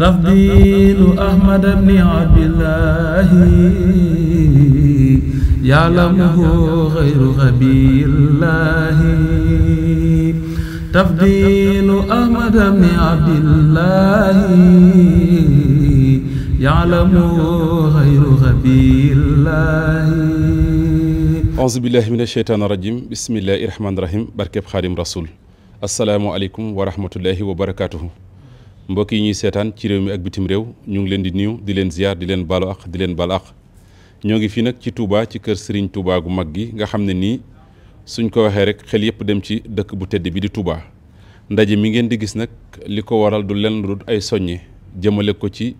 تفضيل أحمد بن عبد الله يعلمه غير غبي الله تفضيل أحمد بن عبد الله يعلمه غير غبي الله أعوذ بالله من الشيطان الرجيم بسم الله الرحمن الرحيم بركب خادم رسول asalaamaaleykum wa rahmatullahi wa barakaatuhu mbokk yi ñuy seetaan ci réew mi ak bitim réew ñu ngi leen di nuyu di leen ziar di leen baalu ak di leen baal ak ñoo ngi fii nag ci Touba ci kër Serigne Touba gu mag gi nga xam ne nii suñ ko waxee rek xel yëpp dem ci dëkk bu tedd bi di Touba ndaje mi ngeen di gis nag li ko waral du leen lu ay soññe jëmale ko ci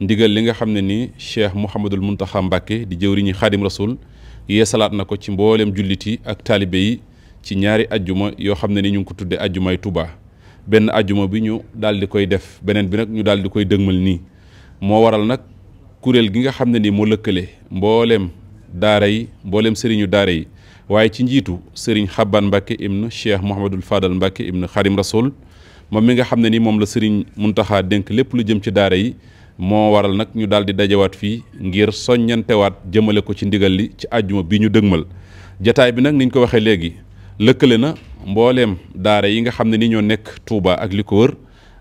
ndigal li nga xam ne nii Cheikh Mouhamadul Mountakha Mbacké di jëw jëwriñu Xaadim Rasul yeesalaat na ko ci mbooleem jullit yi ak taalibe yi ci ñaari ajjuma yoo xam ne ni ñu ngi ko tuddee ajjumaay Touba benn ajuma bi ñu daal di koy def beneen bi nag ñu daal di koy dëgmal nii moo waral nag kuréel gi nga xam ne nii moo lëkkale mbooleem daara yi mbooleem sëriñu daara yi waaye ci njiitu sëriñ Xaban Mbacke ibn Cheikh Mouhamadul Fadal Mbacke ibn Xarim Rasoul moom mi nga xam ne nii moom la sëriñ Muntaxa dénk lépp lu jëm ci daara yi moo waral nag ñu daal di dajawaat fii ngir soññantewaat jëmale ko ci ndigal li ci ajjuma bi ñu dëgmal jataay bi nag niñ ko waxee léegi lëkkale na mbooleem daara yi nga xam ne ni ñoo nekk Touba ak li ko wër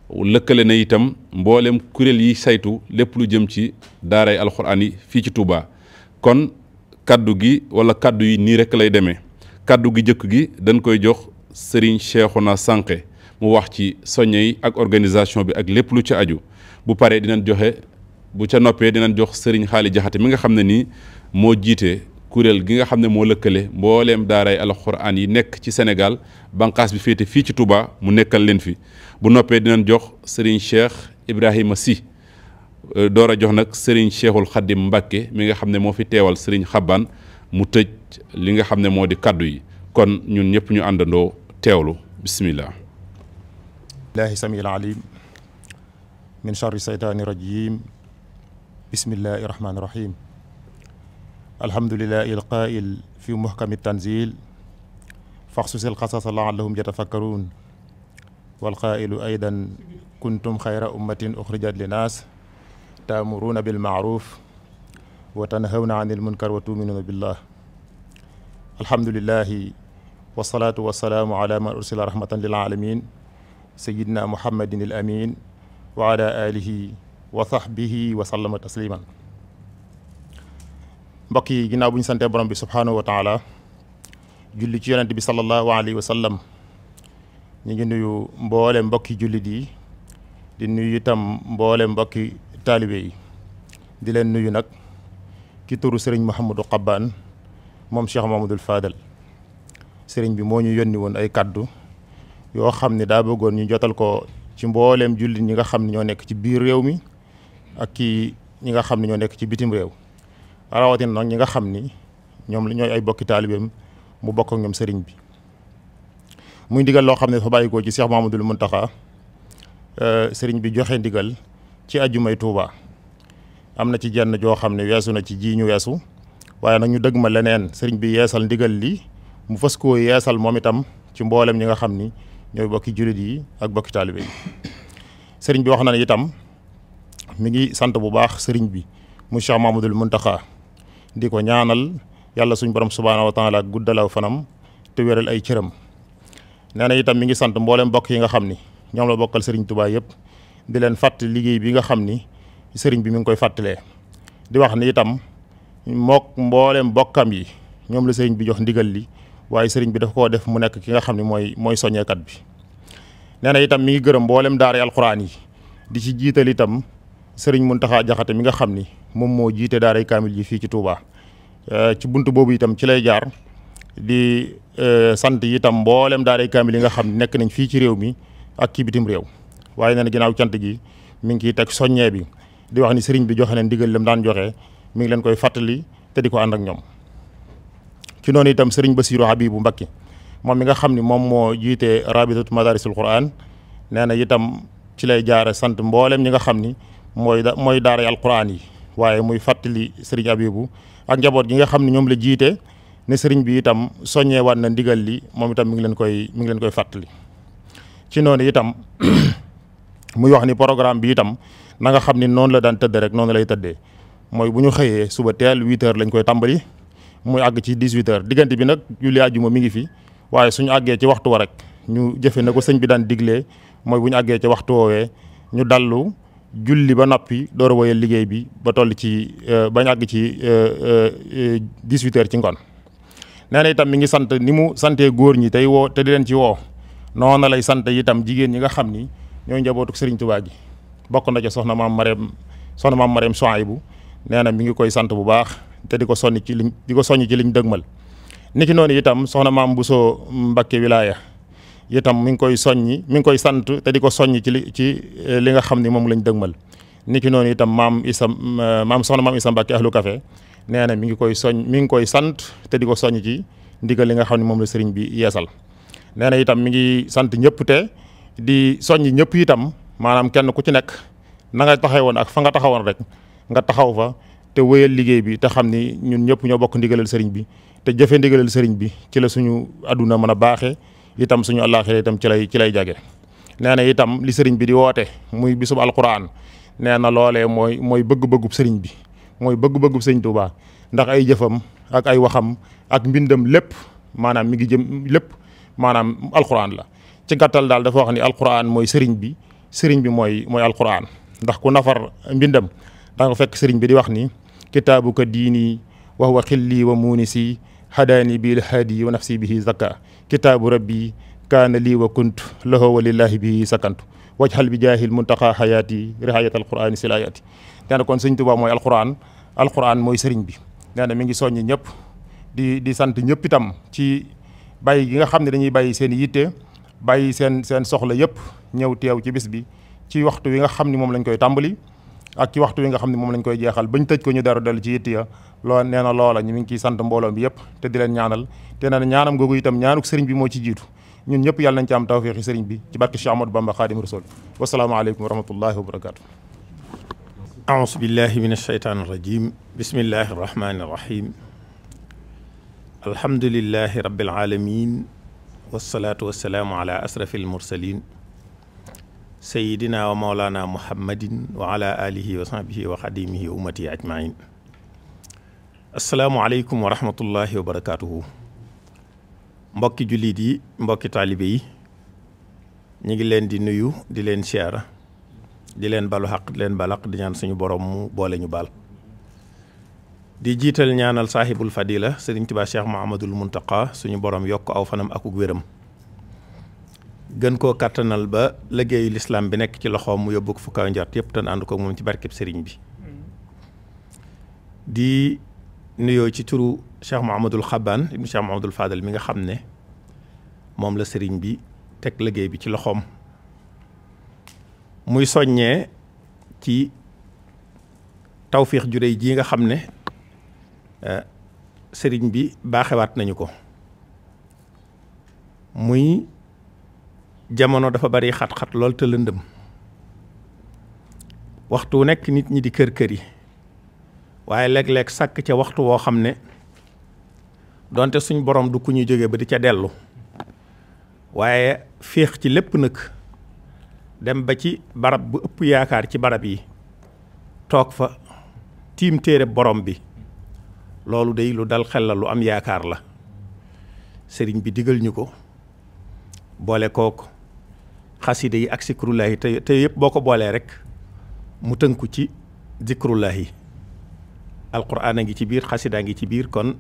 lëkkale na itam mbooleem kuréel yi saytu lépp lu jëm ci daara yi yi fii ci Touba kon kàddu gi wala kàddu yi nii rek lay demee kàddu gi jëkk gi dañ koy jox Serigne Cheikhouna Sankhé mu wax ci soññe yi ak organisation bi ak lépp lu ci aju bu paree dinañ joxe bu ca noppee dinañ jox sëriñ Xaali Jaxate mi nga xam ne nii moo jiitee kuréel gi nga xam ne moo lëkkale mbooleem daaray alxuraan yi nekk ci senegal banqaas bi féete fii ci tubaa mu nekkal leen fi bu noppee dina jox sëriñ Cheikh Ibrahima si euh, door a jox nag Serigne Cheikhul Khadim Mbacke mi nga xam ne moo fi teewal sëriñ Xaban mu tëj li nga xam ne moo di kàddu yi kon ñun ñëpp ñu àndandoo teewlu bismillah billahi samiil alim min charri seytaani rajim bismillahi rahmaani rahim alhamdulilah il qail fi muhkami tanzil faxsusil qasasa laallahum yatafakkaruun wal qailu aydan kuntum xayra ummatin uxrijat linnaas taamuruuna bil maaruf wa tanhawna anil munkar wa tuminuuna billah alhamdulilahi wasalaatu wasalaamu ala man ursila rahmatan lil alamin sayidna muhammadin il amin wa ala alihi wa sahbihi wa sallama tasliman mbokk yi ginnaaw bu ñu santee borom bi subhaanahu wa taala julli ci yonent bi sallallahu alayhi wa sallam ñu ngi nuyu mboole mbokki jullit yi di nuyu itam mboole mbokki taalibe yi di leen nuyu nag ki turu sëriñ Mouhamadou Xabbaan moom Cheikh Mamadou Fadal sëriñ bi moo ñu yónni woon ay kàddu yoo xam ne daa bëggoon ñu jotal ko ci mboolem jullit ñi nga xam ne ñoo nekk ci biir réew mi ak ki ñi nga xam ne ñoo nekk ci bitim réew rawatina nag ñi nga xam ni ñoom ñooy ay bokki taalibeem mu bokk ak ñoom sëriñ bi muy ndigal loo xam ne dafa bàyyikoo ci Cheikh Mamadou Mountakha euh, sëriñ bi joxe ndigal ci ajjumay Touba am na ci jenn joo xam ne weesu na ci ji ñu weesu waaye nag ñu dëgg ma leneen sëriñ bi yeesal ndigal li mu fas koo yeesal moom itam ci mboolem ñi nga xam ni ñooy bokki jullit yi ak bokki taalibe yi sëriñ bi wax na ne itam mu ngi sant bu baax sëriñ bi mu Cheikh Mamadou Mountakha di ko ñaanal yàlla suñ borom subhaanahu wa taala guddalaw fanam te wéral ay cëram nee na itam mi ngi sant mboolem mbokk yi nga xam ni ñoom la bokkal sëriñ Tuubaa yëpp di leen fàttali liggéey bi nga xam ni sëriñ bi mu ngi koy fàttalee di wax ni itam mook mboolem bokkam yi ñoom la sëriñ bi jox ndigal li waaye sëriñ bi daf koo def mu nekk ki nga xam ne mooy mooy soññeekat bi nee na itam mi ngi gërëm mboolem daara alxuraan yi di ci jiital itam sëriñ Mountakha Diakhaté mi nga xam ni moom moo jiite daaray kaamil ji fii ci Touba eh, ci bunt boobu itam ci lay jaar di eh, sant itam mboolem daaray kaamil yi nga xam nekk nañ fii ci réew mi ak kii bitim réew waaye nee na ginnaaw cant gi mi ngi ciy teg soññee bi di wax ni sëriñ bi joxe na ndigal lam daan joxe mi ngi leen koy fàttali te di ko ànd ak ñoom. ci noonu itam sëriñ Bassirou Habibou Mbacké moom mi nga xam ni moom moo jiite rabitatu madarisul Qur'an nee na itam ci lay jaare sant mboolem ñi nga xam ni. mooy da mooy daaray alquran yi waaye muy fàttali sëriñ Abibu ak njaboot gi nga xam ne ñoom la jiite ne sëriñ bi itam soññeewaat na ndigal li moom itam mu ngi leen koy mi ngi koy fàttali. ci noonu itam muy wax ni programme bi itam na nga xam ni noonu la daan tëdde rek noonu lay tëddee mooy bu ñu xëyee suba teel huit heures lañ koy tàmbali muy àgg ci dix-huit diggante bi nag julli àjjuma mi ngi fi waaye suñu àggee ci waxtu wa rek ñu jëfe na ko sëñ bi daan diglee mooy bu ñu àggee ci waxtu woowee ñu dallu. julli ba noppi door a woyal liggéey bi ba toll ci euh, ba ñàgg ci 18 euh, euh, heures ci ngoon nee na itam mi ngi sant ni mu santee góor ñi tey woo te di leen ci woo noonu lay sant itam jigéen ñi nga xam ni ñoo njabootu Serigne Touba gi bokk na ca soxna maam Marème soxna maam Marème Souhaïbou nee na mi ngi koy sant bu baax te di ko sonni ci liñ di ko soññ ci liñ dëgmal niki noonu itam soxna maam Bousso Mbacké Wilaya. itam mi ngi koy soññi mi ngi koy sant te di ko soññ ci li ci eh, li nga xam ni moom lañ dëgmal ni ki noonu itam maam isa eh, maam soxna maam isa Mbàkke ahlu café nee na mi ngi koy soñ mi ngi koy sant te di ko soññ ci ndigal li nga xam ne moom la sëriñ bi yeesal nee na itam mi ngi sant ñëpp te di soññ ñëpp itam maanaam kenn ku ci nekk na nga taxawoon ak fa nga taxawoon rek nga taxaw fa te wéyal liggéey bi te xam ni ñun ñëpp ñoo bokk ndigalal sëriñ bi te jëfe ndigalal sëriñ bi ci la suñu àdduna mën a baaxee itam suñu àllaaxira itam ci lay ci lay jage nee na itam li sëriñ bi di woote muy bisu alquran nee na loolee mooy mooy bëgg-bëggub sëriñ bi mooy bëgg-bëggub sëriñ Tuubaa ndax ay jëfam ak ay waxam ak mbindam lépp maanaam mi ngi jëm lépp maanaam alquran la ci gàttal daal dafa wax ni alquran mooy sëriñ bi sëriñ bi mooy mooy alquran ndax ku nafar mbindam da fekk sëriñ bi di wax ni kitaabuka diini wa huwa xilli wa muunisi hadaani bil haadi wa nafsi bihi zakka kitaabu rabbi kaana lii wa kuntu lahu wa lillahi bihi sakantu wajhal bi jaahil muntaqa hayaati rihayat alqurani si layaati nee na kon sëñ Tuubaa mooy alquran alquran mooy sëriñ bi nee na mi ngi soññ ñëpp di di sant ñëpp itam ci bàyyi gi nga xam ne dañuy bàyyi seen yitte bàyyi seen seen soxla yëpp ñëw teew ci bis bi ci waxtu wi nga xam ni moom lañ koy tàmbali ak ci waxtu wi nga xam ne moom lañ koy jeexal bañ tëj ko ñu daru dal ci yitt ya loo nee loola ñu ngi ciy sant mbooloo bi yëpp te di leen ñaanal te nee na ñaanam googu itam ñaanuk sëriñ bi moo ci jiitu ñun ñëpp yàlla nañ ci am tawféexi sëriñ bi ci barke Cheikh Ahmadou Bamba Xaadim Rasul wasalaamaaleykum wa rahmatullahi wa barakaatu aousu billahi min asheytaan irajim bismillahi arrahmani irrahim alhamdulilahi rabbil alamin wasalaatu wasalaamu ala asrafi almursalin sayidina wa maulana muhammadin wa ala alihi wa sahbihi wa xadimihi wa ummati ajmain asalaamualeykum wa rahmatullahi wa barakatuhu mbokki jullit yi mbokki taalibe yi ñu ngi leen di nuyu di leen siyaara di leen balu xaq di leen balaq di ñaan suñu borom mu boole ñu baal di jiital ñaanal saahibul fadila sëriñ Tuubaa Cheikh Muhammadul Muntaqa suñu borom yokk aw fanam akuk wéram gën koo kàttanal ba liggéeyu lislaam bi nekk ci loxoom mu yóbbu ko fu kaw njort yëpp te ànd ko moom ci barkeb sëriñ bi mm-hmm. di nuyoo ci turu Cheikh Mouhamadul Xabaan ibnu Cheikh Mouhamadul mi nga xam ne moom la sëriñ bi teg liggéey bi ci loxoom muy soññee ci tawfiix ju réy ji nga xam ne eh, sëriñ bi baaxewaat nañu ko muy jamono dafa bari xat-xat lool te lëndëm waxtu wu nekk nit ñi di kër-kër yi waaye léeg-léeg sàkk ca waxtu woo xam ne donte suñ borom du ku ñuy jóge ba di ca dellu waaye féex ci lépp nag dem ba ci barab bu ëpp yaakaar ci barab yi toog fa tiim téere borom bi loolu day lu dal xel la lu am yaakaar la sëriñ bi digal ñu ko boole kook xasida yi ak sikrullahi te te yëpp boo ko boolee rek mu tënku ci zikrullahi alquran a ngi ci biir xasida ngi ci biir kon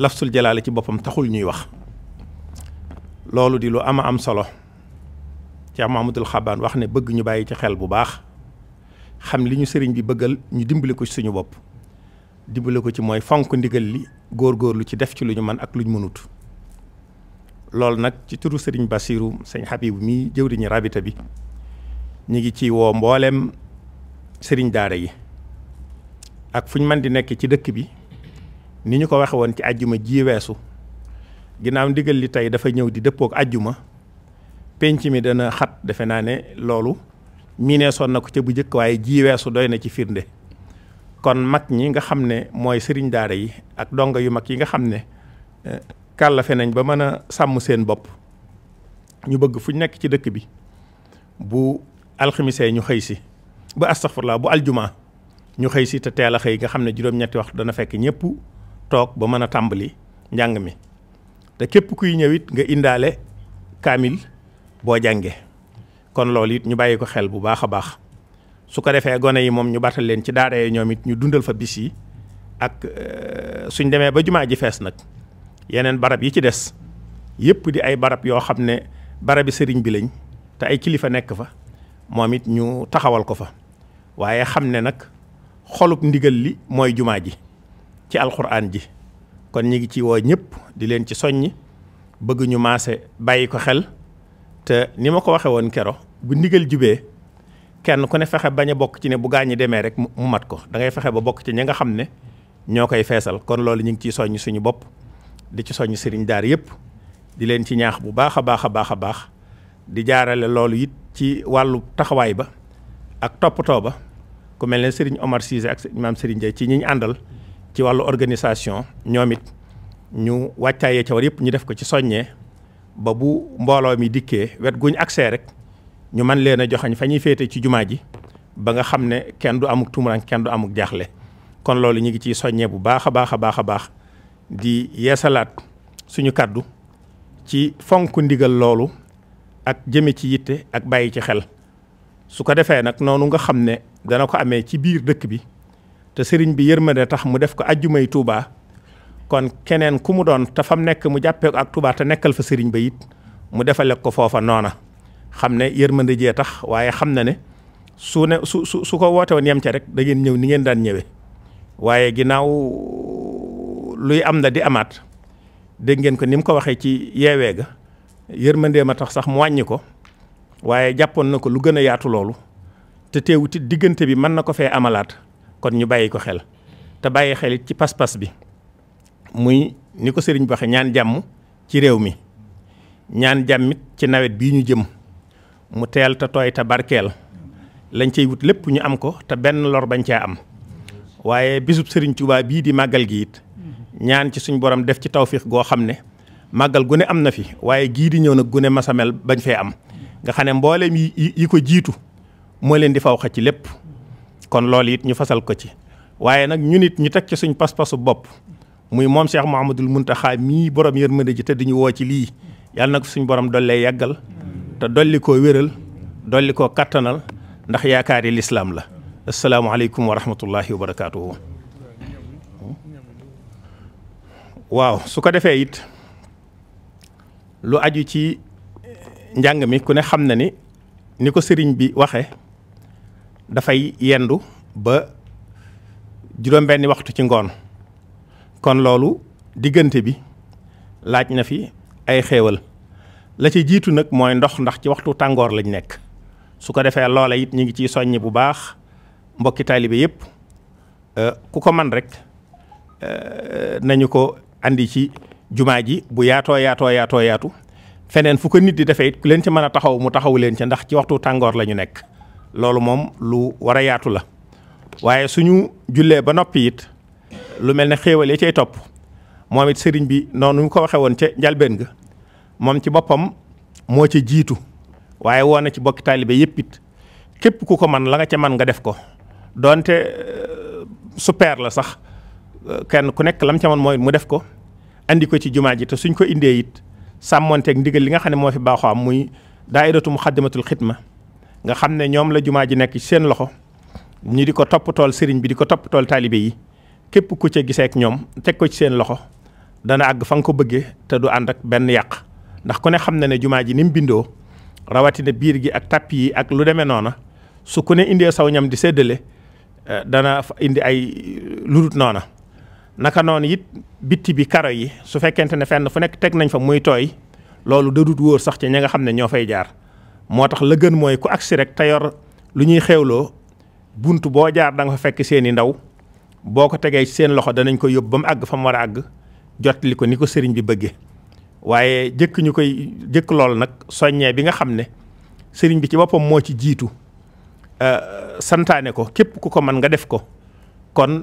lafsul jalaale ci boppam taxul ñuy wax loolu di lu ama am solo ci Mahamadul xaban wax ne bëgg ñu bàyyi ci xel bu baax xam li ñu sëriñ bi bëggal ñu dimbali ko ci suñu bopp dimbali ko ci mooy fonk ndigal li góor góorgóorlu ci def ci lu ñu mën ak lu ñu mënut loolu nag ci turu sëriñ Bassirou sëñ Habib mii jëwriñu rabita bi ñu ngi ci woo mboolem sëriñ daara yi ak fu ñu mën di nekk ci dëkk bi ni ñu ko waxe woon ci àjjuma ji weesu ginnaaw ndigal li tey dafa ñëw di dëppook àjjuma penc mi dana xat defe naa ne loolu miinee soon na ko ca bu njëkk waaye ji weesu doy na ci firnde kon mag ñi nga xam ne mooy sëriñ daara yi ak donga yu mag yi nga xam ne eh, kàllafe nañ ba mën a sàmm seen bopp ñu bëgg fu ñu nekk ci dëkk bi bu alximisee ñu xëy si ba astafurlaa bu aljuma ñu xëy si te teel a xëy nga xam ne juróom-ñetti waxtu dana fekk ñëpp toog ba mën a tàmbali njàng mi te képp kuy ñëw it nga indaale kaamil boo jàngee kon loolu it ñu bàyyi ko xel bu baax a baax su ko defee gone yi moom ñu baatal leen ci daara ñoom it ñu dundal fa bis yi ak euh, suñ demee ba jumaa ji fees nag yeneen barab yi ci des yëpp di ay barab yoo xam ne barabi sëriñ bi lañ te ay kilifa nekk fa moom it ñu taxawal ko fa waaye xam ne nag xolub ndigal li mooy jumaa ji ci alxuraan ji kon ñi ngi ci woo ñëpp di leen ci soññ bëgg ñu maase bàyyi ko xel te ni ma ko waxe woon kero bu ndigal jubee kenn ku ne fexe bañ a bokk ci ne bu gaañi demee rek mu mat ko da ngay fexe ba bokk ci ñi nga xam ne ñoo koy feesal kon loolu ñu ngi ciy soññ suñu bopp di ci soññ sëriñ daar yëpp di leen ci ñaax bu baax a baax a baax a baax di jaarale loolu it ci wàllu taxawaay ba ak toppatoo ba ku mel ne sëriñ Omar ak maam sëriñ Ndiaye ci ñi ñu àndal ci wàllu organisation ñoom it ñu wàccaayee ca war yëpp ñu def ko ci soññee ba bu mbooloo mi dikkee wet guñ accès rek ñu man leen a joxañ fa ñuy féete ci jumaa ji ba nga xam ne kenn du amuk tumuraan kenn du amuk jaaxle kon loolu ñu ngi ciy soññee bu baax a baax a baax a baax di yeesalaat suñu kàddu ci fonk ndigal loolu ak jëme ci yitte ak bàyyi ci xel su ko defee nag noonu nga xam ne dana ko amee ci biir dëkk bi te sëriñ bi yërmande tax mu def ko ajjumay Touba kon keneen ku mu doon te fam nekk mu jàppee ak Touba te nekkal fa sëriñ ba it mu defale ko foofa noona xam ne yërmande jee tax waaye xam na ne su ne su su su ko woote woon yem ca rek da ngeen ñëw ni ngeen daan ñëwee waaye ginnaaw luy am na di amaat dégg ngeen ko ni mu ko waxee ci yeewee ga yërmandee ma tax sax mu wàññi ko waaye jàppoon na ko lu gën a yaatu loolu te teewuti diggante bi mën na ko fee amalaat kon ñu bàyyi ko xel te bàyyi xel ci pas-pas bi muy ni ko sëriñ bi waxee ñaan jàmm ci réew mi ñaan jàmmit ci nawet bii ñu jëm mu teel te tooy te barkeel lañ cey wut lépp ñu am ko te benn lor bañ caa am waaye bisub sëriñ Tuubaa bii di màggal gi it ñaan ci suñu borom def ci tawfiix goo xam ne màggal gu am na fi waaye gii di ñëw nag gune ne masamel bañ fee am nga xam ne mbooleem yi yi ko jiitu moo leen di faw xa ci lépp kon loolu it ñu fasal ko ci waaye nag ñu nit ñu teg ci suñ pas-pasu bopp muy moom Cheikh Mouhamadul Mountakha mii borom yërmande ji te du ñu woo ci lii yàlla nag suñ borom dollee yàggal te dolli koo wéral dolli koo kattanal ndax yaakaari lislaam la asalaamaaleykum wa rahmatullahi wa barakaatuhu waaw su ko defee it lu aju ci eh, njàng mi ku ne xam na ni ni ko sëriñ bi waxe dafay yendu ba juróom-benni waxtu ci ngoon kon loolu diggante bi laaj na fi ay xéewal la ci jiitu nag mooy ndox ndax ci waxtu tàngoor lañ nekk su ko defee loola it ñu ngi ciy soññ bu baax mbokki taalibe yépp eh, ku ko man rek eh, nañu ko andi ci jumaa ji bu yaatoo yaatoo yaatoo yaatu feneen fu ko nit di defee it ku leen ci mën a taxaw mu taxaw leen ci ndax ci waxtu tàngoor la ñu nekk loolu moom lu war a yaatu la waaye suñu jullee ba noppi it lu mel ne xéewal ya cay topp moom it sëriñ bi noonu ñu ko waxee woon ca njalbeen ga moom ci boppam moo ci jiitu waaye woo na ci bokki taalibe yëpp it képp ku ko man la nga ca man nga def ko donte euh, super la sax kenn ku nekk lam ca moon mooy mu def ko andi ko ci jumaa ji te suñ ko indee it sàmmonteeg ndigal li nga xam ne moo fi baaxoo am muy daairatu muxaddamatul xidma nga xam ne ñoom la jumaa ji nekk ci seen loxo ñu di ko toppatool sëriñ bi di ko toppatool taalibe yi képp ku ca giseek ñoom teg ko ci seen loxo dana àgg fa nga ko bëggee te du ànd ak benn yàq ndax ko ne xam na ne jumaa ji ni mu bindoo rawatina biir gi ak tàpp yi ak lu demee noona su ko ne indee saw ñam di séddale eh, dana indi ay ludut noona naka noonu it bitti bi karo yi su fekkente ne fenn fu nekk teg nañ fa muy tooy loolu dadut wóor sax ci ña nga xam ne ñoo fay jaar moo tax la gën mooy ku agsi rek te yor lu ñuy xewloo bunt boo jaar da nga fa fekk seen i ndaw boo ko tegee ci seen loxo danañ ko yóbbu ba mu àgg fa mu war a àgg jotli ko ni ko sëriñ bi bëggee waaye jëkk ñu koy jëkk lool nag soññee bi nga xam ne sëriñ bi ci boppam moo ci jiitu euh, santaane ko képp ku ko mën nga def ko kon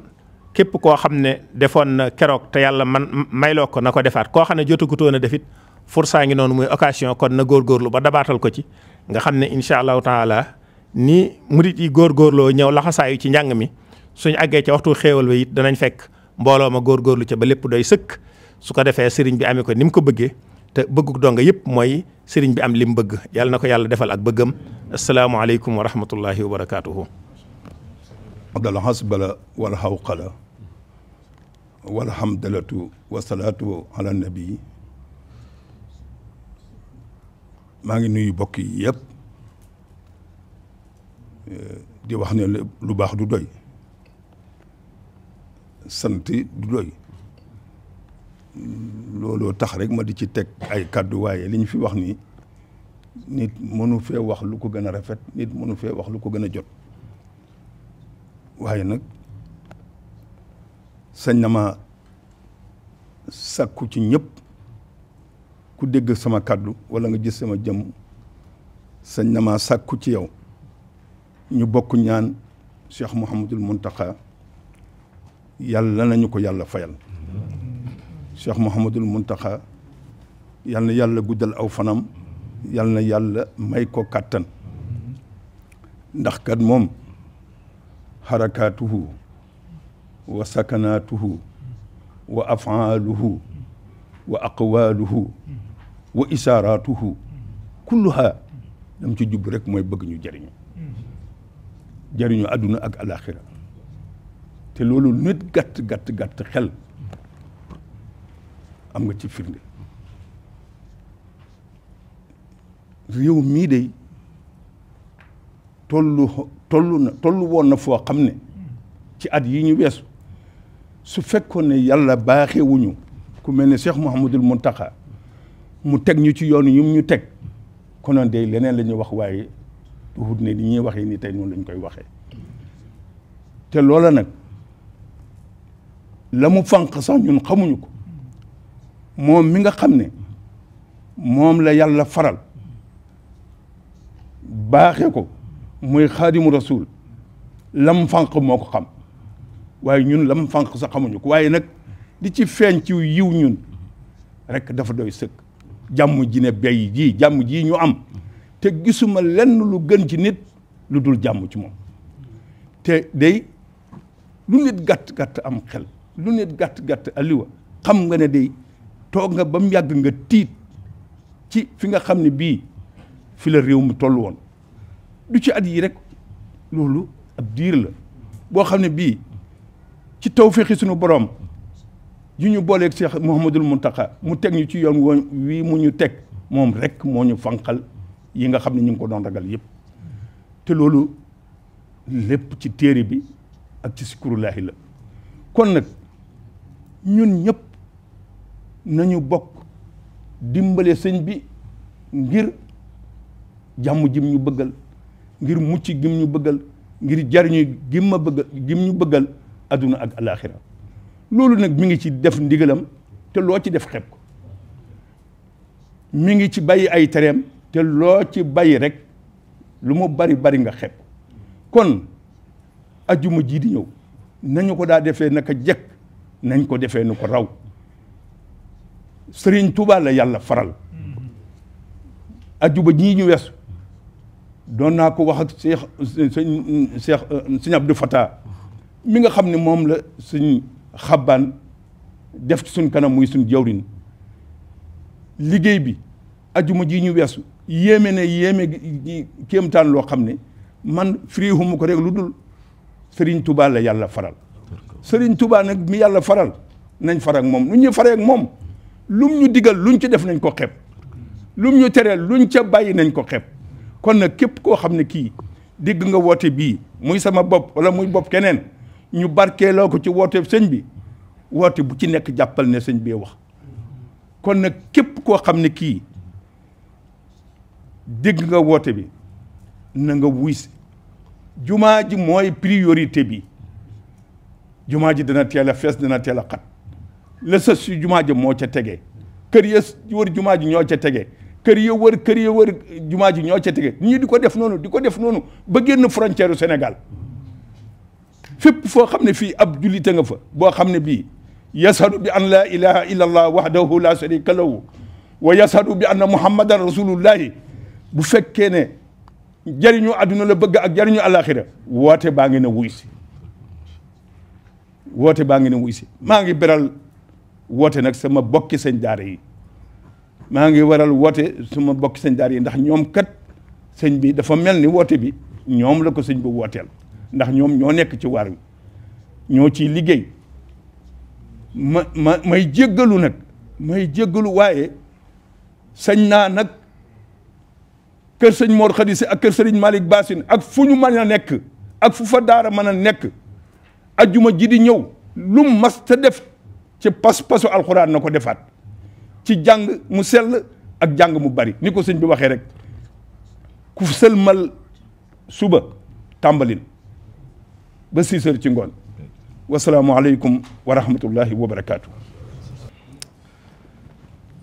képp koo xam ne defoon na keroog te yàlla man mayloo ko na ko defaat koo xam ne jotagutoon a defit fursaa ngi noonu muy occasion kon na góor góorlu ba dabaatal ko ci nga xam ne incha allahu taala ni di góor góorgóorloo ñëw laxasaayu ci njàng mi suñ àggee ca waxtu xéewal ba it danañ fekk mbooloo ma góorgóorlu ca ba lépp doy sëkk su ko defee sëriñ bi amee ko ni mu ko bëggee te bëggu donga yëpp mooy sëriñ bi am li mu bëgg yàlla na ko yàlla defal ak bëggam asalaamaaleykum wa rahmatullahi wa barakaatuhu. abdallah hasbala wala hawqala walhamdulatu wasalaatu ala nabi maa ngi nuyu bokk yi yëpp di wax ne lu baax du doy sant du doy looloo tax rek ma di ci teg ay kàddu waaye li ñu fi wax nii nit mënu fee wax lu ko gën a rafet nit mënu fee wax lu ko gën a jot waaye nag sañ na ma ci ñëpp ku dégg sama kàddu walla nga gis sama jëmm sañ na ma ci yow ñu bokk ñaan Cheikh Mouhamadul Mountakha yàlla nañu ko yàlla fayal Cheikh Mouhamadul Mountakha yàlla na yàlla guddal aw fanam yàlla na yàlla may ko kàttan ndax kat moom xarakaatuhu wa sakanaatuhu wa afaaluhu wa aqwaaluhu wa isaaraatuhu kulluha dam ci jub rek mooy bëgg ñu jëriñu jëriñu àdduna ak alaxira te loolu nit gàtt gàtt gàtt xel am nga ci firnde réew mii de tollu tollu na foo xam ne ci at yi ñu weesu su fekkoon ne yàlla baaxewuñu ku mel ni ne Cheikh mun taxa mu teg ñu ci yoon yum ñu teg konoon de leneen lañu ñuy wax waaye wut ne ni ñuy waxee ni tey noonu lañ koy waxee te loola nag la mu fànq sax ñun xamuñu ko moom mi nga xam ne moom la yàlla faral baaxe ko muy xaadimu rasul lam fànq moo ko xam waaye ñun lam fànq sa xamuñu ko waaye nag di ci feeñ ci yiw ñun rekk dafa doy sëkk jàmm ji ne bay jii jàmm jii ñu am te gisuma lenn lu gën ci nit lu dul jàmm ci moom te day lu nit gàtt-gàtt am xel lu nit gàtt-gàtt aliwa xam nga ne day toog nga ba mu yàgg nga tiit ci fi nga xam ne bii fi la réew mu toll woon lu ci at yi rek loolu ab diir la boo xam ne bii ci tawféexi suñu borom yu ñu booleeg Cheikh Mouhamadul Mountakha mu teg ñu ci yoon woo wii mu ñu teg moom rekk moo ñu fanqal yi nga xam ne ñu ngi ko doon ragal yëpp te loolu lépp ci téere bi ak ci sikurulaahi la kon nag ñun ñëpp nañu bokk dimbale sëñ bi ngir jàmm jim ñu bëggal ngir mucc gim ñu bëggal ngir jariñu gim bëggal gim ñu bëggal adduna ak alaxira loolu nag mi ngi ci def ndigalam te loo ci def xeeb ko mi ngi ci bàyyi ay tereem te loo ci bàyyi rek lu mu bari bari nga xeeb kon ajuma jii di ñëw nañu ko daa defee naka jëkk nañ ko defee nu ko raw sëriñ Tuubaa la yàlla faral ajjuma jii ñu wees doon naa ko wax ak Cheikh sëñ Cheikh sëñ Abdou mi nga xam ne moom la suñ xabbaan def ci suñ kanam muy suñ jawrin liggéey bi ajuma ji ñu weesu yéeme ne yéeme gi kéemtaan loo xam ne man friixuma ko rek lu dul sëriñ tubaal la yàlla faral sëriñ tubaa nag mi yàlla faral nañ far moom lu ñu faree ak moom lum ñu digal luñ ci def nañ ko xeeb lum ñu teree luñ ca bàyyi nañ ko xeeb kon nag képp koo xam ne kii dégg nga woote bii muy sama bopp wala muy bopp keneen ñu barkeeloo ko ci woote sëñ bi woote bu ci nekk jàppal ne sëñ bee wax kon nag képp koo xam ni kii dégg nga woote bi na nga wuy jumaa ji mooy priorité bi jumaa ji dana teel a fees dana teel a xat la sës si jumaa ji moo ca tege kër ya wër jumaa ji ñoo ca tege kër ya wër kër ya wër jumaa ji ñoo ca tegee ñii di ko def noonu di ko def noonu ba génn frontière u Sénégal fépp foo xam ne fii ab jullit nga fa boo xam ne bii yashadu bi an laa ilaha illa allah wahdahu la sharika lahu wa yashadu bi anna muhammadan rasulullahi bu fekkee ne jariñu àdduna la bëgg ak jariñu àlaxira woote baa ngi ne wuy si woote baa ngi ne wuy si maa ngi beral woote nag sama bokki sëñ daara yi maa ngi waral woote sama bokki sëñ daara yi ndax ñoom kat sëñ bi dafa mel ni woote bi ñoom la ko sëñ bi wooteel ndax ñoom ñoo nekk ci waar wi ñoo ciy liggéey ma ma may jéggalu nag may jéggalu waaye sañ naa nag kër sëñ Mor Khady ak kër sëriñ Malick Bassine ak fu ñu mën a nekk ak fu fa daara mën a nekk ajjuma ji di ñëw lum mas ta def ci pas-pasu alxuraan na ko defaat ci jàng mu sell ak jàng mu bari ni ko sëñ bi waxee rek ku sëlmal suba tàmbalin ba six heures ci ngoon wasalaamualeykum wa rahmatullahi wa barakaatu.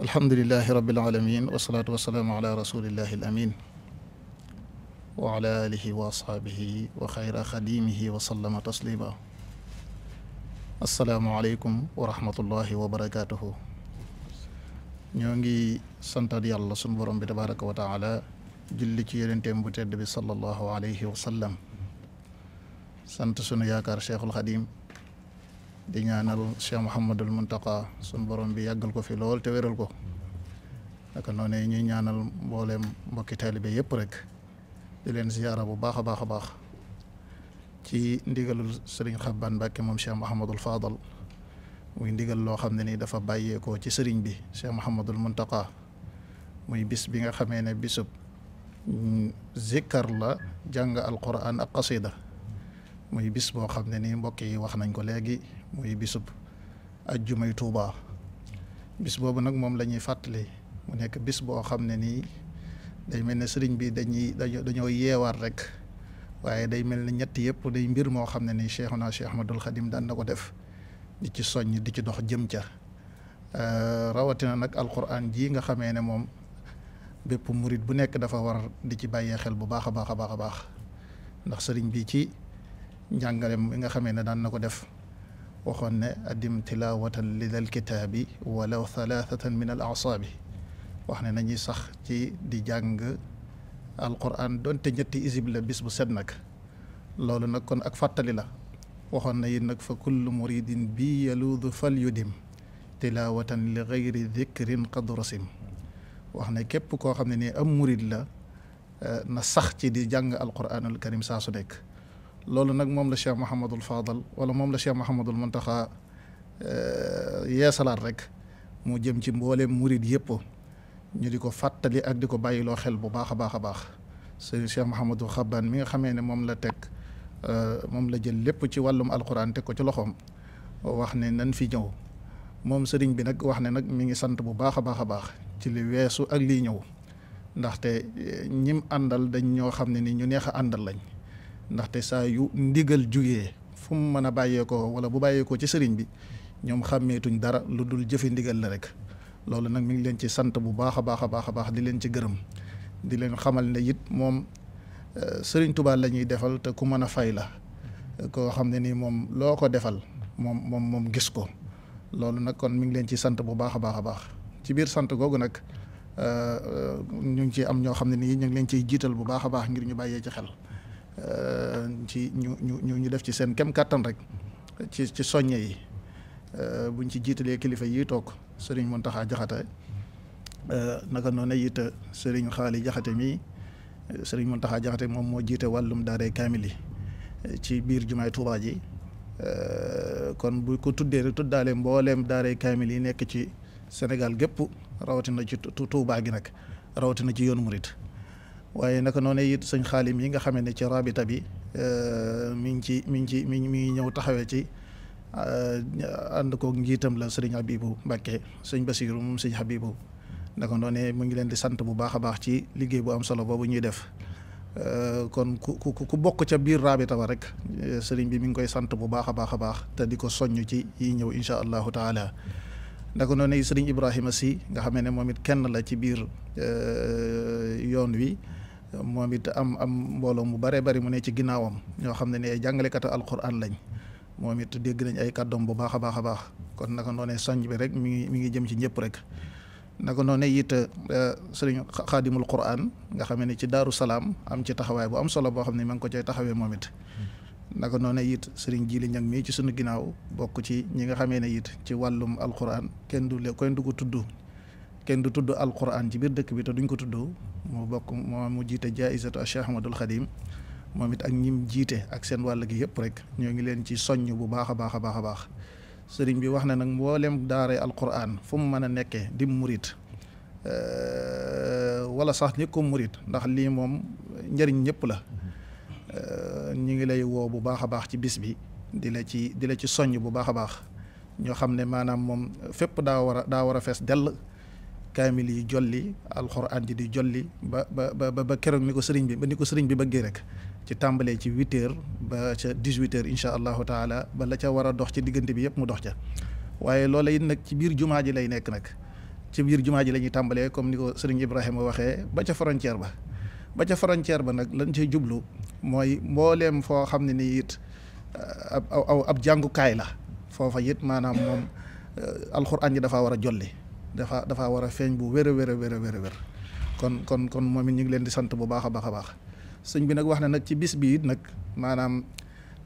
alhamdulilahi rabil alamin wa ala wa ashaabihi wa xayra xadimihi wa sallama taslima asalaamualeykum wa rahmatullahi wa barakaatuhu ñoo ngi santaat yàlla sunu borom bi tabaraka wa taala julli ci yonenteem bu tedd alayhi wa sallam sant sunu yaakaar cheikhul xadim di ñaanal cheikh mouhamadul muntaka sunu borom bi yàggal ko fi lool te wéral ko naka noonu ñuy ñaanal mbooleem mbokki taalibe yëpp rek di leen ziyaara bu baax a baax a baax ci ndigalul sëriñ xabbaan mbàkke moom cheikh mouhamadul fadal muy ndigal loo xam ne nii dafa bàyyeekoo ci sëriñ bi cheikh mouhamadul muntaka muy bis bi nga xamee ne bisub mm, zikkar la jàng alquran ak qasida muy bis boo xam ne nii mbokk yi wax nañ ko léegi muy bisub ajjumay Tuuba bis boobu nag moom la ñuy fàttali mu nekk bis boo xam ne nii day mel ne sëriñ bi dañuy dañoo yeewaat rek waaye day mel ne ñett yëpp day mbir moo xam ne nii Cheikhuna Cheikh Ahmadul Xadim daan na ko def di ci soññ di ci dox jëm ca euh, rawatina nag alquran ji nga xamee ne moom bépp murit bu nekk dafa war di ci bàyyee xel bu baax a baax a baax a baax ndax sëriñ bi ci njàngalem bi nga xamee ne daan na ko def waxoon ne addim tilawatan li dal kitaabi walaw thalathatan min al asaabi wax ne nañuy sax ci di jàng alquran doonte ñetti isib la bis bu set nag loolu nag kon ak fàttali la waxoon na yit nag fa kullu muridin bi yaluudu fal yudim tilawatan li gayri dikrin qad rasim wax ne képp koo xam ne ni am murid la eh, na sax ci di jàng alquranul karim saa su nekk loolu nag moom la Cheikh Mouhamadul Fadal wala moom la Cheikh Mouhamadul Muntaxa eh, yeesalaat rek mu jëm ci mbooleem murid yëpp ñu di ko fàttali ak di ko bàyyiloo xel bu baax a baax a baax sëñ Cheikh Mouhamadul Xabbaan mi nga xamee ne moom la teg eh, moom la jël lépp ci wàllum alxuraan teg ko ci loxoom wax ne nan fi ñëw moom sëriñ bi nag wax ne nag mu ngi sant bu baax a baax a baax ci li weesu ak lii ñëw ndaxte eh, ñim àndal dañ ñoo xam ne ni ñu neex a àndal lañ. ndaxte saa yu ndigal jugee fu mu mën a bàyyeekoo wala bu bàyyeekoo ci sëriñ bi ñoom xàmmeetuñ dara lu dul jëfe ndigal la rek loolu nag mi ngi leen ci sant bu baax a baax a baax a baax di leen ci gërëm di leen xamal ne it moom euh, sëriñ Tuubaa la defal te ku mën a fay la koo xam ne nii moom loo ko defal moom moom moom gis ko loolu nag kon mi ngi leen ci sant bu baax a baax a baax ci biir sant googu nag euh, euh, ñu ngi ci am ñoo xam ne nii ñu ngi leen ciy jiital bu baax a baax ngir ñu bàyyee ci xel ci ñu ñu ñu def ci seen kem kàttan rek ci ci soññe yi euh, buñ ci jiitalee kilifa yi toog sëriñ Mountakha Diakhaté euh, naka noonu it sëriñ Xaali Diakhaté mii sëriñ Mountakha jaxate moom moo jiite wàllum daaree kaamil yi euh, ci biir jumaay Tuubaa ji kon bu ko tuddee rek tuddaale mbooleem daaree kaamil yi nekk ci senegal gépp rawatina ci Tuubaa gi nag rawatina ci yoonu murit waaye naka noonu it sëñ xaalim yi nga xam ne ci rabita bi euh, mi ngi ci mi ngi ci mi ngi ñëw taxawee ci euh, ànd koog njiitam la sëriñ Habibou Mbacke sëñ Basiru moom sëñ Habibou naka noonu mu ngi leen di sant bu baax a baax ci liggéey bu am solo boobu ñuy def euh, kon ku ku ku bokk ca biir rabita ba rek sëriñ bi mi ngi koy sant bu baax a baax a baax te di ko soññ ci yi ñëw incha allahu taala. naka noonu sëriñ Ibrahima si nga xam ne moom it kenn la ci biir yoon wi. moom it am am mbooloo mu baree bari mu ne ci ginnaawam ñoo xam ne ni ay jàngalekata alquran lañ moom it dégg nañ ay kàddoom bu baax a baax a baax kon naka noonee soññ bi rek mi ngi mi ngi jëm ci ñëpp rek naka noonee it euh, sëriñ xaadimul quran nga xam ne ci daaru salaam am ci taxawaay bu am solo boo xam ne ma ngi ko cay taxawee moom naka noonee it sëriñ Jili Ñang mii ci sunu ginnaaw bokk ci ñi nga xamee ne it ci wàllum alquran kenn du leen kenn du ko tudd kenn du tudd alquran ci biir dëkk bi te duñ ko tudd moo bokk moo mu jiite jaisatu a Cheikh Ahmadul Xadim moom it ak ñim jiite ak seen wàll gi yëpp rek ñoo ngi leen ci soññ bu baax a baax baax a baax sëriñ bi wax na nag mboolem daaray alquran fu mu mën a nekkee di murit euh, wala sax ñi ko murit ndax lii moom njëriñ ñëpp la euh, ñu ngi lay woo bu baax a baax ci bis bi di la ci di la ci soññ bu baax a baax ñoo xam ne maanaam moom fépp daa war a daa war a fees dell kaamil yi jolli alxuraan ji di jolli ba ba ba ba keroog ni ko sëriñ bi ba ni ko sëriñ bi bëggee rek ci tàmbalee ci huit heures ba ca dix huit heures incha allahu taala ba la ca war a dox ci diggante bi yëpp mu dox ca waaye loola it nag ci biir jumaa ji lay nekk nag ci biir jumaa ji la tàmbalee comme ni ko sëriñ Ibrahima waxee ba ca frontière ba ba ca frontière ba nag lañ cay jublu mooy mbooleem foo xam ne ni it ab ab jàngukaay la foofa yit maanaam moom euh, alxuraan ji dafa war a jolli. dafa dafa war a feeñ bu wér a wér a wér a wér a kon kon kon moom it ñu ngi leen di sant bu baax a baax a baax sëñ bi nag wax na nag ci bis bi it nag maanaam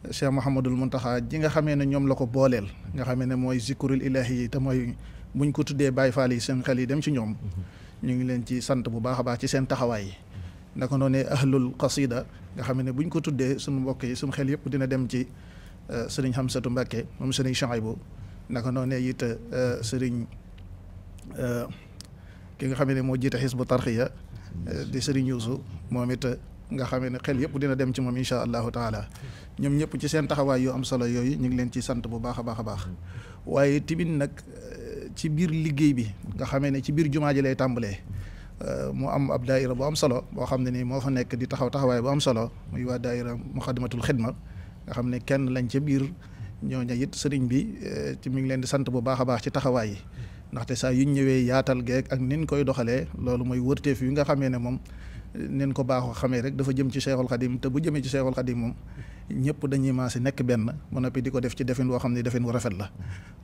eh, Cheikh Mouhamadul Mountakha ji nga xamee ne ñoom la ko booleel nga xamee ne mooy zikurul ilahi yi te mooy buñ ko tuddee Baye Fall yi seen xel yi dem ci ñoom mm-hmm. ñu ngi leen ci sant bu baax a baax ci seen taxawaay yi naka noonee ahlul qasida nga xam ne buñ ko tuddee suñu mbokk yi suñu xel yëpp dina dem ci eh, sëriñ Hamsatu Mbàkke moom sëriñ Chouaïbou naka noonee it eh, sëriñ ki nga xam ne moo jiite xisbu tarxiya eh, di sëriñ Youssou moom it eh, nga xamee ne xel yëpp dina dem ci moom incha allahu taala ñoom ñëpp ci seen taxawaay yu am solo yooyu ñu ngi leen ci sant bu baax a baax a baax waaye tamit nag eh, ci biir liggéey bi nga xamee ne ci biir jumaa ji lay tàmbalee mu am ab daayira bu am solo boo xam ne nii moo fa nekk di taxaw taxawaay bu am solo muy waa daayira muxaddimatul xidma nga xam ne kenn lañ ca biir ñoo ñooña it sëriñ bi ci mu ngi leen di sant bu baax a baax ci taxawaay ndaxte saa yuñ ñëwee yaatal geeg ak nin koy doxalee loolu mooy wërteef yi nga xamee ne moom nin ko baaxoo xamee rek dafa jëm ci Cheikhul Khadim te bu jëmee ci Cheikhul Khadim moom ñëpp dañuy maase nekk benn ba noppi di ko def ci defin woo xam ne defin wu rafet la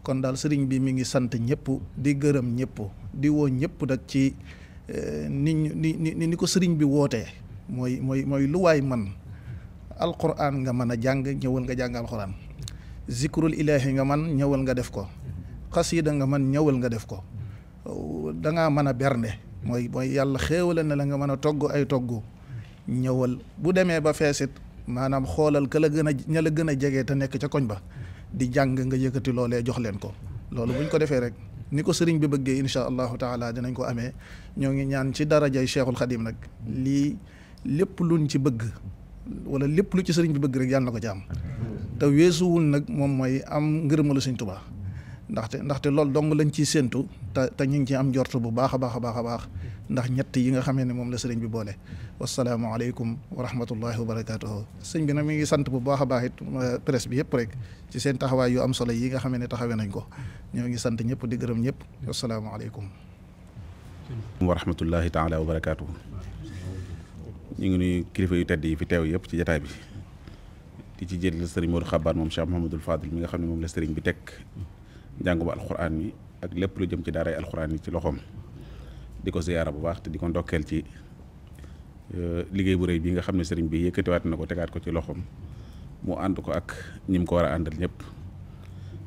kon daal sëriñ bi mu ngi sant ñëpp di gërëm ñëpp di woo ñëpp nag ci eh, ni ni ni ko sëriñ bi wootee mooy mooy mooy lu waay man alquran nga mën a jàng ñëwal nga jàng alquran zikrul ilaahi nga man ñëwal nga def ko xasiida nga man ñëwal nga def ko dangaa mën a bernde mooy mooy yàlla la na la nga mën a togg ay togg ñëwal bu demee ba feesit maanaam xoolal ka la gën a ña gën a jege te nekk ca koñ ba di jàng nga yëkkati loolee jox leen ko loolu buñ ko defee rek ni ko sëriñ bi bëggee incha allahu taala dinañ ko amee ñoo ngi ñaan ci darajay cheikhul xadim nag lii lépp luñ ci bëgg wala lépp lu ci sëriñ bi bëgg rek yàlla na ko ci am te weesuwul nag moom mooy am ngërëmalu sëriñ Tuubaa ndaxte ndaxte loolu dong lañ ciy séentu te te ñu ngi ciy am njort bu baax a baax a baax a baax ndax ñett yi nga xamee ne moom la sëriñ bi boole wasalaamaaleykum wa rahmatullahi wa barakaatuhu sëñ bi nag mi ngi sant bu baax a baax it euh, bi yëpp rek ci seen taxawaay am solo yi nga xamee ne taxawee nañ ko ñoo ngi sant ñëpp di gërëm ñëpp wasalaamaaleykum wa rahmatullahi taala wa barakaatuhu ngi nuyu kilifa yu tedd yi fi teew yëpp ci jataay bi di ci jël sëriñ Modou Xabaar moom Cheikh Mouhamadul Fadil mi nga xam ne moom la sëriñ bi tekk njànguma alxuraan yi ak lépp lu jëm ci daaray alxuraan yi ci loxoom di ko si ziyaara bu baax te di ko ndokkeel ci euh, liggéey bu rëy bii nga xam ne sëriñ bi yëkkatiwaat na ko tegaat ko ci loxoom mu ànd ko ak ñi ko war a àndal ñëpp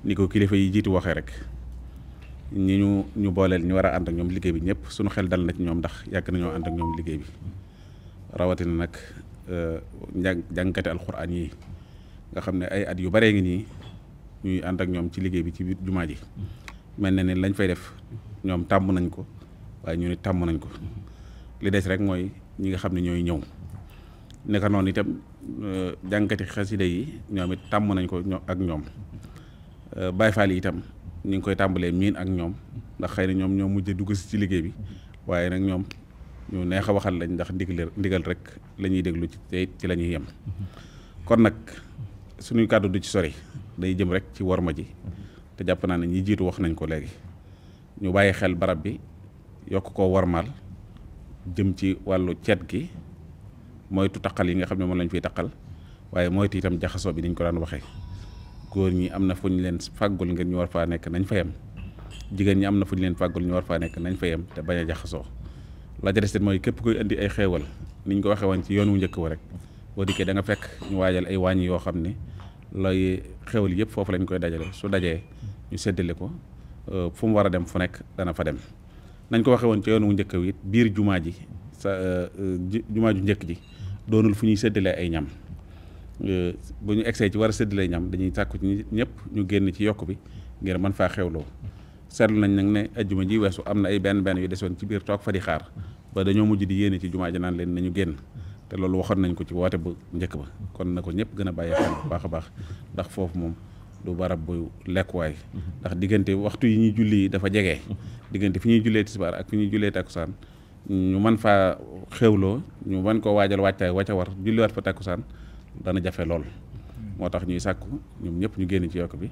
ni ko kilifa yi jiitu waxee rek ñi ñu ñu booleel ñu war a ànd ñoom liggéey bi ñëpp suñu xel dal na ci ñoom ndax yàgg nañoo ànd ak ñoom liggéey bi rawatina nag euh, njàng jàngkati alxuraan yi nga xam ne ay at yu baree ngi nii ñuy ànd ak ñoom ci liggéey bi ci biir jumaa ji mel na ne lañ fay def ñoom tàmm nañ ko waaye ñu ne tàmm nañ ko li des rek mooy ñi nga xam ne ñooy ñëw naka noonu itam euh, jànkati xasida yi ñoom it tàmm nañ ko ak ñoom euh, Baay Faal yi itam ñu ngi koy tàmbalee miin ak ñoom ndax xëy na ñoom ñoo mujjee dugg si ci liggéey bi waaye nag ñoom ñu neex a waxal lañ ndax ndigal ndigal rek la ñuy déglu ci ci lañuy yem kon nag suñuy kàddu du ci sori day jëm rek ci worma ji te jàpp naa ne ñi jiitu wax nañ ko léegi ñu bàyyi xel barab bi yokk ko wormaal jëm ci wàllu cet gi moytu taqal yi nga xam ne moom lañ fiy taqal waaye moytu itam jaxasoo bi niñ ko daan waxee góor ñi am na fu ñu leen fàggul ngir ñu war faa nekk nañ fa yem jigéen ñi am na fu ñu leen fàggul ñu war faa nekk nañ fa yem te bañ a jaxasoo la jaresteen mooy képp koy indi ay xeewal niñ ko waxee woon ci yoon wu njëkk wa rek boo dikkee da nga fekk ñu waajale ay wàññi yoo xam ne lay xewal yëpp foofu lañ koy dajale su dajee ñu séddale ko euh, fu mu war a dem fu nekk dana fa dem nañ ko waxee woon ci yoon wu njëkk biir jumaa ji sa euh, jumaa ju njëkk ji doonul fu ñuy séddalee ay ñam euh, bu ñu egsee ci war a séddalee ñam dañuy sàkku ci ñëpp ñu génn ci yokk bi ngir man faa xewloo seetlu nañ nag ne ajjuma ji weesu am na ay benn benn yu desoon ci biir toog fa di xaar ba dañoo mujj di yéene ci jumaa ji naan leen nañu génn te loolu waxoon nañ ko ci woote bu njëkk ba kon na ko ñëpp gën a bàyyi xel bu baax a baax ndax foofu moom du barab bu lekkuwaay ndax diggante waxtu yi ñuy julli yi dafa jege. diggante fi ñuy jullee tisbaar ak fi ñuy jullee takkusaan ñu mën faa xewloo ñu mën koo waajal waajtaay wa ca war julliwaat fa takkusaan dana jafe lool moo tax ñuy sàkku ñoom ñëpp ñu génn ci yokk bi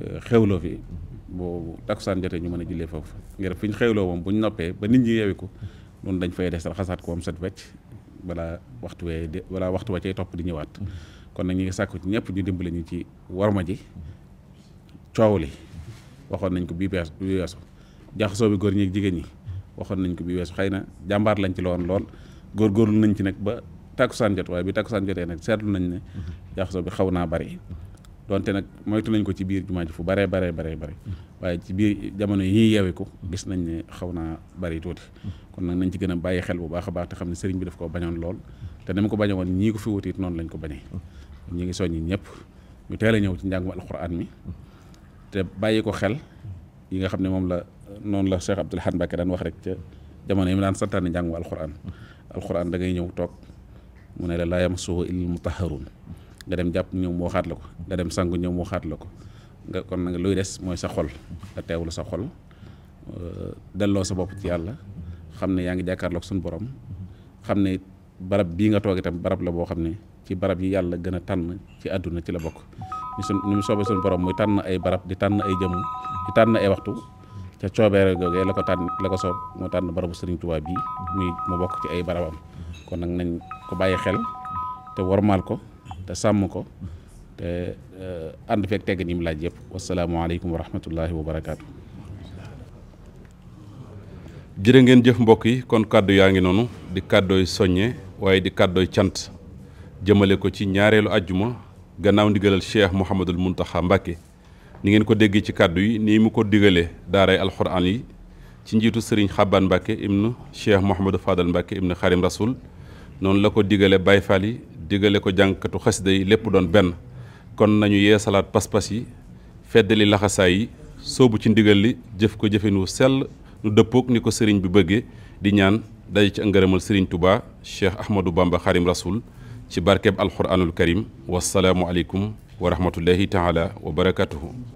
euh, xewloo fi boobu takkusaan jotee ñu mën a jullee foofu ngir fi ñu xewloo moom bu ñu noppee ba nit ñi ko noonu dañ fay des xasaat ko am set wecc balaa waxtu wee di balaa waxtu wa cee topp di ñëwaat mm-hmm. kon nag ñu ngi sàkku ci ñëpp ñu dimbale lañu ci warma ji coow li waxoon nañ ko bii bees bii weesu jaxasoo bi góor ñi jigéen ñi waxoon nañ ko bii weesu xëy na jàmbaar lañ ci loon lool góor góorgóorlu nañ ci nag ba takkusaan jot waaye bi takkusaan jotee nag seetlu nañ ne mm-hmm. jaxasoo bi xaw naa bari donte nag moytu nañ ko ci biir jumaa ji fu baree baree baree bare waaye ci biir jamono yi yeewee ko gis nañ ne xaw naa bari tuuti kon nag nañ ci gën a bàyyi xel bu baax a baax te xam ne sëriñ bi daf ko bañoon lool te ni ma ko baño woon ñii ko fi wuti noonu lañ ko bañee ñi ngi soññi ñëpp ñu teel a ñëw ci njàngum alxuraan mi te bàyyi ko xel yi nga xam ne moom la noonu la Cheikh Abdoul Ahad Mbacké daan wax rek ca jamono yi mu daan santaane njàngum alxuraan da ngay ñëw toog mu ne la laa yamassuhu illal mutahharuun nga dem jàpp ñëw mu waxaat la ko nga dem sangu ñëw mu waxaat la ko nga kon luy des mooy sa xol nga teewlu sa xol euh, delloo sa bopp ci yàlla xam ne yaa ngi jàkkaarloog suñu borom xam ne barab bii nga toog itam barab la boo xam ne ci barab yi yàlla gën a tànn ci àdduna ci la bokk ñu suñ ñu soobee suñu borom muy tànn ay barab di tànn ay jëmm di tànn ay waxtu ca coobeere googee la ko tànn la ko soob mu tànn barabu Sëriñ Tuubaa bii muy mu bokk ci ay barabam kon nag nañ ko bàyyi xel te wormaal ko te sàmm ko te eh, ànd fekk tegg ni mu laaj yëpp wasalaamualeykum wa rahmatullahi wa barakaatu. jërë ngeen jëf mbokk yi kon kàddu yaa ngi noonu di kàddooy soññe waaye di kàddooy cant jëmale ko ci ñaareelu ajjuma gannaaw ndigalal cheikh Mouhamadul Mountakha Mbacké ni ngeen ko déggee ci kàddu yi nii mu ko digalee daaray alxuraan yi ci njiitu sëriñ Xabbaan Mbacké ibnu cheikh Mouhamadou Fadal Mbacké ibnu Xarim Rasoul noonu la ko digale Baye Fall digale ko jànkatu xasida yi lépp doon benn kon nañu yee salaat pas-pas yi feddali laxasaay yi soobu ci ndigal li jëf ko jëfin wu sell nu dëppook ni ko sëriñ bi bëggee di ñaan daje ci ngërëmal sëriñ Touba Cheikh Ahmadou Bamba Xarim Rasoul ci barkeb alquranul karim wasalaamualeykum wa rahmatullahi taala wa barakatuhu